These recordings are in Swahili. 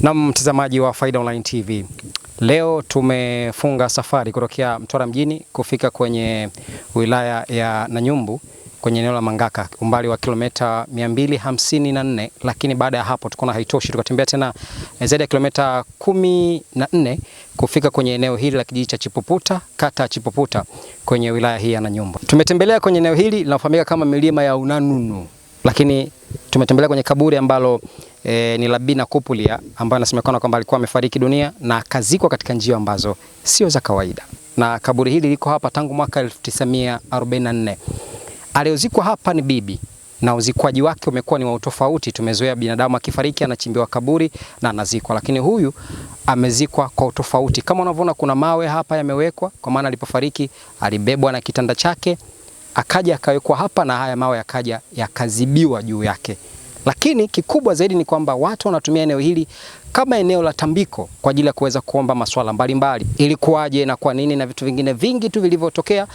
Na mtazamaji wa Faida Online TV, leo tumefunga safari kutokea Mtwara mjini kufika kwenye wilaya ya Nanyumbu kwenye eneo la Mangaka umbali wa kilomita 254, lakini baada ya hapo tukaona haitoshi, tukatembea tena eh, zaidi ya kilomita 14 kufika kwenye eneo hili la kijiji cha Chipuputa, kata ya Chipuputa kwenye wilaya hii ya Nanyumbu. Tumetembelea kwenye eneo hili linalofahamika kama milima ya Unanunu, lakini tumetembelea kwenye kaburi ambalo e, ni Labina Kupulia ambaye anasemekana kwamba alikuwa amefariki dunia na akazikwa katika njia ambazo sio za kawaida, na kaburi hili liko hapa tangu mwaka 1944. Aliozikwa hapa ni bibi na uzikwaji wake umekuwa ni wa utofauti. Tumezoea binadamu akifariki anachimbiwa kaburi na anazikwa, lakini huyu amezikwa kwa utofauti. Kama unavyoona, kuna mawe hapa yamewekwa, kwa maana alipofariki alibebwa na kitanda chake akaja akawekwa hapa, na haya mawe yakaja yakazibiwa juu yake. Lakini kikubwa zaidi ni kwamba watu wanatumia eneo hili kama eneo la tambiko kwa ajili ya kuweza kuomba masuala mbalimbali, ilikuwaje na kwa nini na vitu vingine vingi tu vilivyotokea.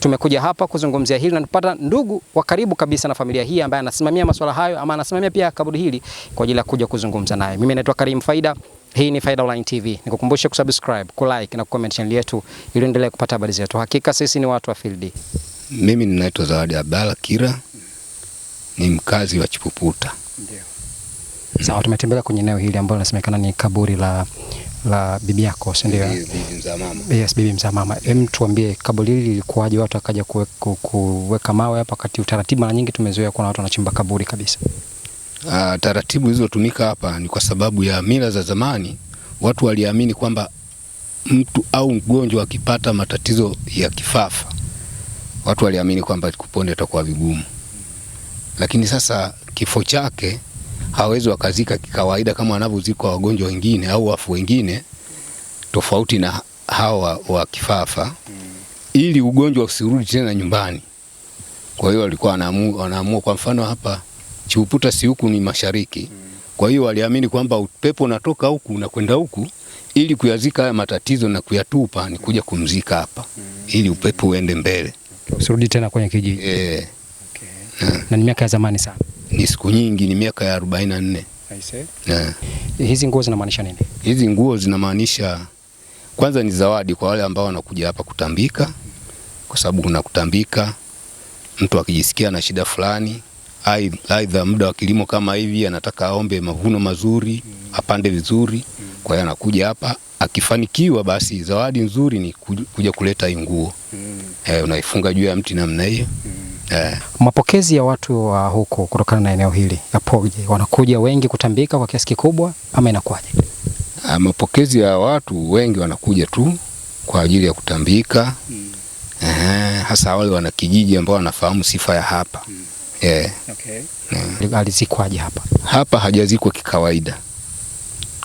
Tumekuja hapa kuzungumzia hili na tupata ndugu wa karibu kabisa na familia hii ambaye anasimamia masuala hayo ama anasimamia pia kaburi hili kwa ajili ya kuja kuzungumza naye. Mimi naitwa Karim Faida. Hii ni Faida Online TV. Nikukumbushe kusubscribe, kulike na kucomment channel yetu ili endelee kupata habari zetu. Hakika sisi ni watu wa field. Mimi ninaitwa Zawadi Abdalla Kira ni mkazi wa Chipuputa. Ndio. Sawa, tumetembelea kwenye eneo hili ambalo linasemekana ni kaburi la la bibi yako, si ndio? Bibi mzaa mama. Yes, bibi mzaa mama. Hem, tuambie kaburi hili lilikuwaje? Watu akaja kuweka mawe hapa kati? Utaratibu mara nyingi tumezoea kuona watu wanachimba kaburi kabisa. Ah, taratibu zilizotumika hapa ni kwa sababu ya mila za zamani. Watu waliamini kwamba mtu au mgonjwa akipata matatizo ya kifafa, watu waliamini kwamba kuponda itakuwa vigumu lakini sasa kifo chake hawezi wakazika kikawaida kama wanavyozikwa wagonjwa wengine au wafu wengine, tofauti na hawa wa kifafa, ili ugonjwa usirudi tena nyumbani. Kwa hiyo walikuwa wanaamua, kwa mfano hapa Chiuputa si huku ni mashariki, kwa hiyo waliamini kwamba upepo unatoka huku unakwenda huku, ili kuyazika haya matatizo na kuyatupa, ni kuja kumzika hapa ili upepo uende mbele, usirudi tena kwenye kijiji eh. Eh. na, ni miaka ya zamani sana, ni siku nyingi, ni miaka ya arobaini na nne. Eh. Hizi nguo zinamaanisha nini? Hizi nguo zinamaanisha kwanza ni zawadi kwa wale ambao wanakuja hapa kutambika, kwa sababu kuna kutambika, mtu akijisikia na shida fulani, aidha muda wa kilimo kama hivi, anataka aombe mavuno mazuri, apande vizuri, kwa hiyo anakuja hapa akifanikiwa basi zawadi nzuri ni kuja kuleta hii nguo mm. E, unaifunga juu ya mti namna hiyo mm. Yeah. Mapokezi ya watu wa huko kutokana na eneo hili yapoje? Wanakuja wengi kutambika kwa kiasi kikubwa ama inakuwaje? Ah, mapokezi ya watu wengi wanakuja tu kwa ajili ya kutambika mm. Eh, hasa wale wana kijiji ambao wanafahamu sifa ya hapa mm. yeah. Okay. Yeah. Alizikwaje hapa? Hapa hajazikwa kikawaida,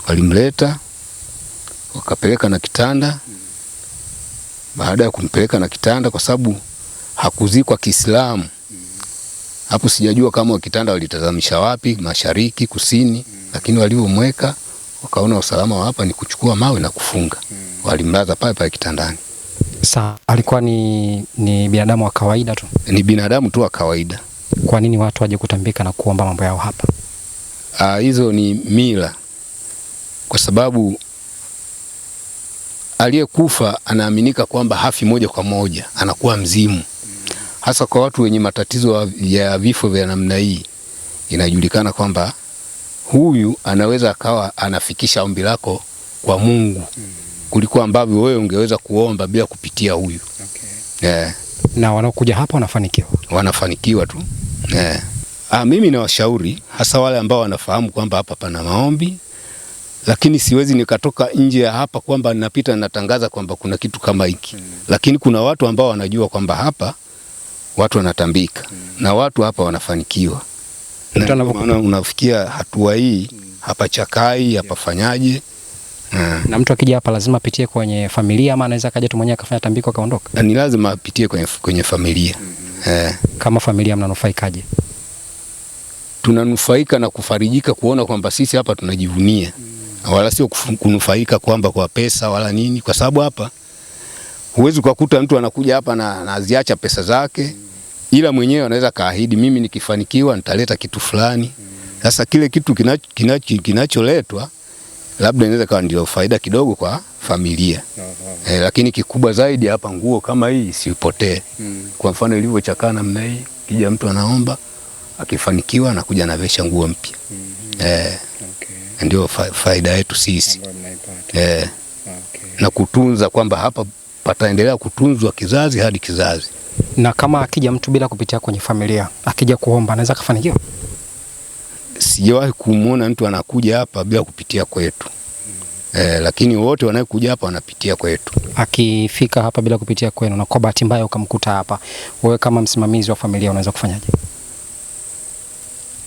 walimleta wakapeleka na kitanda mm. Baada ya kumpeleka na kitanda kwa sababu hakuzikwa Kiislamu. Hapo sijajua kama wakitanda walitazamisha wapi, mashariki, kusini, lakini walivyomweka wakaona usalama wa hapa ni kuchukua mawe na kufunga, walimlaza pale pale kitandani. Sa, alikuwa ni, ni binadamu wa kawaida tu, ni binadamu tu wa kawaida. Kwa nini watu waje kutambika na kuomba mambo yao hapa? Aa, ah, hizo ni mila, kwa sababu aliyekufa anaaminika kwamba hafi moja kwa moja, anakuwa mzimu hasa kwa watu wenye matatizo ya vifo vya namna hii. Inajulikana kwamba huyu anaweza akawa anafikisha ombi lako kwa Mungu kuliko ambavyo wewe ungeweza kuomba bila kupitia huyu. Okay. Yeah. Na wanaokuja hapa wanafanikiwa, wanafanikiwa tu yeah. Ah, mimi nawashauri hasa wale ambao wanafahamu kwamba hapa pana maombi, lakini siwezi nikatoka nje ya hapa kwamba ninapita natangaza kwamba kuna kitu kama hiki mm. Lakini kuna watu ambao wanajua kwamba hapa watu wanatambika mm. na watu hapa wanafanikiwa, maana unafikia hatua hii hapa chakai hapa fanyaje? Hmm. na mtu akija hapa lazima apitie kwenye familia ama anaweza akaja tu mwenyewe akafanya tambiko akaondoka? Ni lazima apitie kwenye, kwenye familia mm. Eh. Kama familia mnanufaikaje? Tunanufaika na kufarijika kuona kwamba sisi hapa tunajivunia mm. wala sio kunufaika kwamba kwa pesa wala nini, kwa sababu hapa Huwezi kukuta mtu anakuja hapa na anaziacha pesa zake, ila mwenyewe anaweza kaahidi, mimi nikifanikiwa nitaleta kitu fulani. Sasa kile kitu kinacholetwa kinacho, kinacho labda inaweza kawa ndio faida kidogo kwa familia E, lakini kikubwa zaidi hapa, nguo kama hii isipotee. Hmm. Kwa mfano ilivyochakaa namna hii, kija mtu anaomba, akifanikiwa anakuja anavesha nguo mpya hmm. eh, ndio faida yetu sisi eh, na kutunza kwamba hapa pataendelea kutunzwa kizazi hadi kizazi. Na kama akija mtu bila kupitia kwenye familia, akija kuomba anaweza kafanikiwa? Sijawahi kumwona mtu anakuja hapa bila kupitia kwetu. Eh, lakini wote wanaokuja hapa wanapitia kwetu. Akifika hapa bila kupitia kwenu na kwa bahati mbaya ukamkuta hapa, wewe kama msimamizi wa familia unaweza kufanyaje?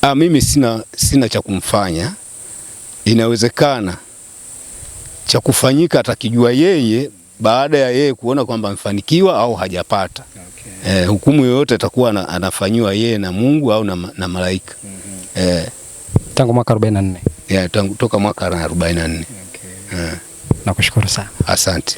Ah, mimi sina, sina cha kumfanya. Inawezekana cha kufanyika atakijua yeye baada ya yeye kuona kwamba amefanikiwa au hajapata. Okay. Eh, hukumu yoyote atakuwa anafanyiwa yeye na Mungu au na, na malaika. Mm -hmm. Eh, tangu mwaka 44. Yeah, tangu toka mwaka 44. Okay. Eh. Nakushukuru sana. Asante.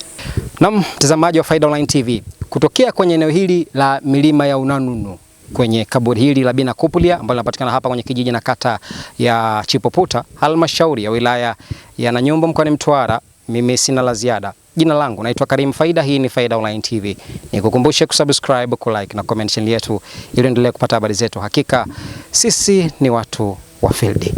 Naam, mtazamaji wa Faida Online TV, kutokea kwenye eneo hili la milima ya Unanunu kwenye kaburi hili la Bina Kupulia ambalo linapatikana hapa kwenye kijiji na kata ya Chipoputa halmashauri ya wilaya ya Nanyumbu mkoani Mtwara, mimi sina la ziada. Jina langu naitwa Karim Faida, hii ni Faida Online TV. Nikukumbushe kusubscribe, kulike na comment channel yetu ili endelee kupata habari zetu. Hakika sisi ni watu wa field.